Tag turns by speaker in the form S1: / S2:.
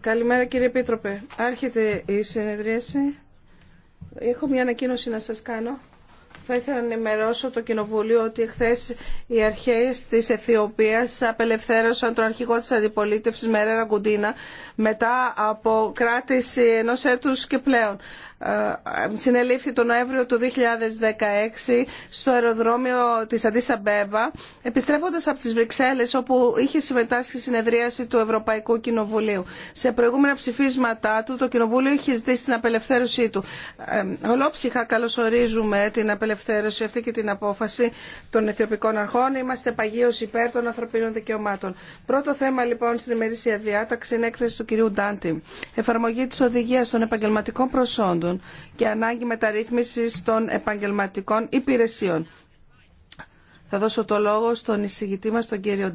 S1: Καλημέρα κύριε Επίτροπε. Άρχεται η συνεδρίαση. Έχω μια ανακοίνωση να σας κάνω. Θα ήθελα να ενημερώσω το Κοινοβούλιο ότι χθε οι αρχέ τη Αιθιοπία απελευθέρωσαν τον αρχηγό της αντιπολίτευσης Μερέρα Γκουντίνα μετά από κράτηση ενό έτου και πλέον. Ε, συνελήφθη τον Νοέμβριο του 2016 στο αεροδρόμιο τη Αντίσα Μπέμπα επιστρέφοντας από τι Βρυξέλλε, όπου είχε συμμετάσχει στη συνεδρίαση του Ευρωπαϊκού Κοινοβουλίου. Σε προηγούμενα ψηφίσματά του το Κοινοβούλιο είχε ζητήσει την απελευθέρωσή του. Ε, ολόψυχα καλωσορίζουμε την απελευθέρωση απελευθέρωση αυτή και την απόφαση των αιθιοπικών αρχών. Είμαστε παγίω υπέρ των ανθρωπίνων δικαιωμάτων. Πρώτο θέμα λοιπόν στην ημερήσια διάταξη είναι έκθεση του κυρίου Ντάντι. Εφαρμογή της οδηγίας των επαγγελματικών προσόντων και ανάγκη μεταρρύθμισης των επαγγελματικών υπηρεσιών. Θα δώσω
S2: το λόγο στον εισηγητή μας, τον κύριο